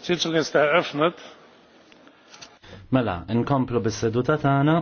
Sitzung ist eröffnet. Mela, nkomplu bis-seduta tagħna.